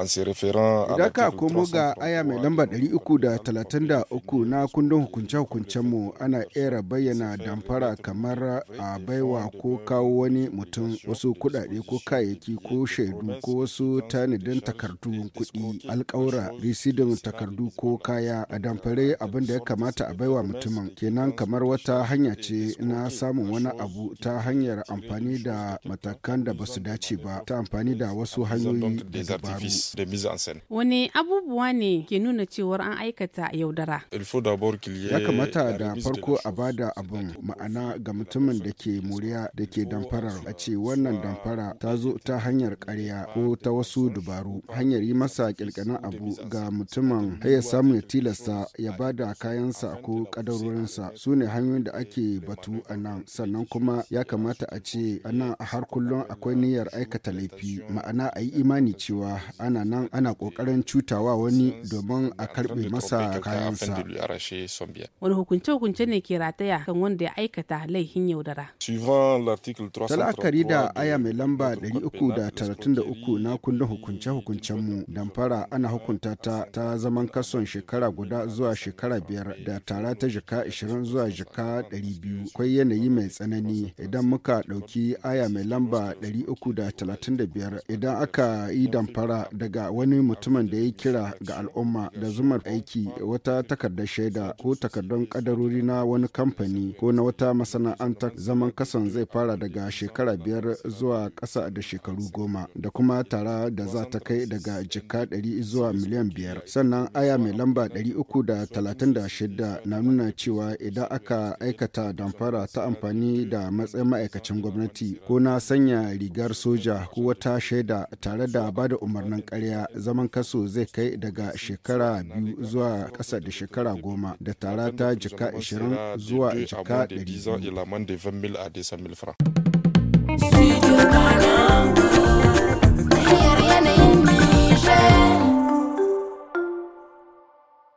Idan ka komo ga aya mai lamba 333 na kundin hukunce mu ana era bayyana damfara kamar a baiwa ko kawo wani mutum wasu kuɗaɗe ko kayayyaki ko shaidu ko wasu tanadin takardu kuɗi alƙawura risidin takardu ko kaya a damfare abin da ya kamata a baiwa mutumin kenan kamar wata hanya ce na samun wani abu ta hanyar amfani da matakan da basu dace ba ta amfani da wasu hanyoyi da dabaru. da mise en scène. Wani abubuwa ne ke nuna cewar an aikata yaudara? Ya kamata da farko a bada abin ma'ana ga mutumin da ke moriya da ke damfarar a ce wannan damfara ta zo ta hanyar karya ko ta wasu dubaru hanyar yi masa kilkanin abu ga mutumin har ya samu ya tilasta ya bada kayansa ko kadarorinsa su ne hanyoyin da ake batu a nan sannan kuma ya kamata a ce a nan har kullum akwai niyyar aikata laifi ma'ana a yi imani cewa ana yana nan ana kokarin cutawa wani domin a karbe masa kayansa wani hukunce hukunce ne ke rataya kan wanda ya aikata laifin yaudara talakari da aya mai lamba 333 na kundin hukunce hukuncen mu damfara ana hukunta ta ta zaman kason shekara guda zuwa shekara biyar da tara ta jika 20 zuwa jika 200 kwai yanayi mai tsanani idan muka ɗauki aya mai lamba 335 idan aka yi damfara daga daga wani mutumin da ya kira ga al'umma da zumar aiki wata takardar shaida ko takardun kadarori na wani kamfani ko na wata masana'anta zaman kasan zai fara daga shekara biyar zuwa ƙasa da shekaru goma da kuma tara da za ta kai daga jika ɗari zuwa miliyan biyar sannan aya mai lamba ɗari uku da talatin da shida na nuna cewa idan aka aikata damfara ta amfani da matsayin ma'aikacin gwamnati ko na sanya rigar soja ko wata shaida tare da bada umarnin ƙarfi karya zaman kaso zai kai daga shekara biyu zuwa kasa da shekara goma da tara ta jika 20 zuwa jika 100.